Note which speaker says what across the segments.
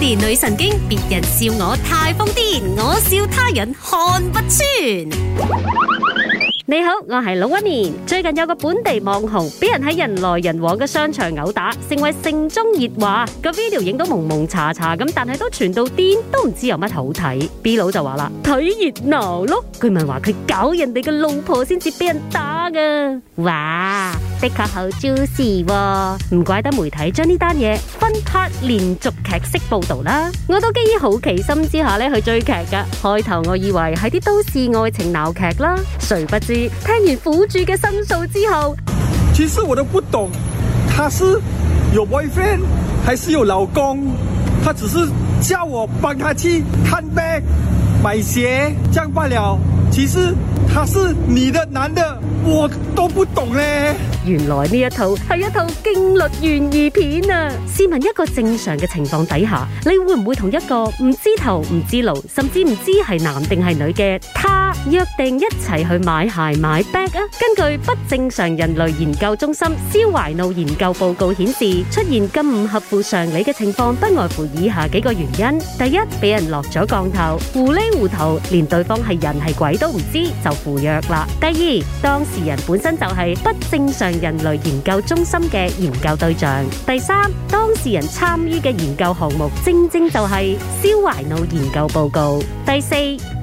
Speaker 1: 年女神經，別人笑我太瘋癲，我笑他人看不穿。你好，我係龍紋敏。最近有個本地網紅，俾人喺人來人往嘅商場毆打，成為城中熱話。這個 video 影到蒙蒙查查咁，但係都傳到癲，都唔知有乜好睇。B 佬就話啦，睇熱鬧咯。據聞話佢搞人哋嘅老婆先至俾人打噶，哇！的確好 juicy 喎、哦，唔怪得媒體將呢單嘢分 part 連續劇式報道啦。我都基於好奇心之下咧去追劇噶。開頭我以為係啲都市愛情鬧劇啦，誰不知聽完苦主嘅申訴之後，其實我都不懂，他是有 boyfriend 還是有老公？他只是叫我幫他去探病買鞋，這樣罷了。其實他是女的男的，我都不懂咧。原來呢一套係一套驚慄懸疑片啊！試問一個正常嘅情況底下，你會唔會同一個唔知頭唔知路，甚至唔知係男定係女嘅他約定一齊去買鞋買 bag 啊？根據不正常人類研究中心肖懷怒研究報告顯示，出現咁唔合乎常理嘅情況，不外乎以下幾個原因：第一，俾人落咗降頭，糊裏糊塗連對方係人係鬼都唔知就赴約啦；第二，當事人本身就係不正常人類研究中心嘅研究對象，第三，當事人參與嘅研究項目，正正就係燒壞腦研究報告。第四，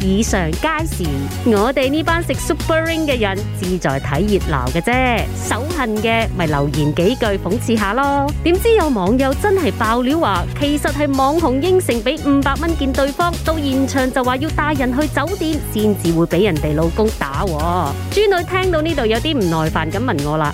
Speaker 1: 以上皆是。我哋呢班食 Super Ring 嘅人，志在睇熱鬧嘅啫，手痕嘅咪留言幾句諷刺下咯。點知有網友真係爆料話，其實係網紅應承俾五百蚊見對方，到現場就話要帶人去酒店，先至會俾人哋老公打喎。豬女聽到呢度有啲唔耐煩咁問我啦。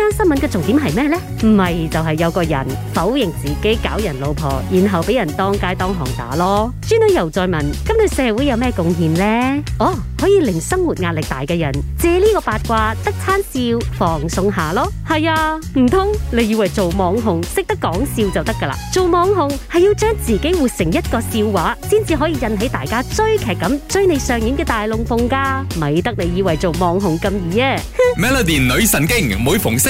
Speaker 1: 張新聞嘅重點係咩呢？唔係就係有個人否認自己搞人老婆，然後俾人當街當行打咯。孫女又再問：咁對社會有咩貢獻呢？哦，可以令生活壓力大嘅人借呢個八卦得餐笑放鬆下咯。係啊，唔通你以為做網紅識得講笑就得噶啦？做網紅係要將自己活成一個笑話，先至可以引起大家追劇咁追你上演嘅大龍鳳噶。咪得你以為做網紅咁易啊？Melody 女神經，每逢星。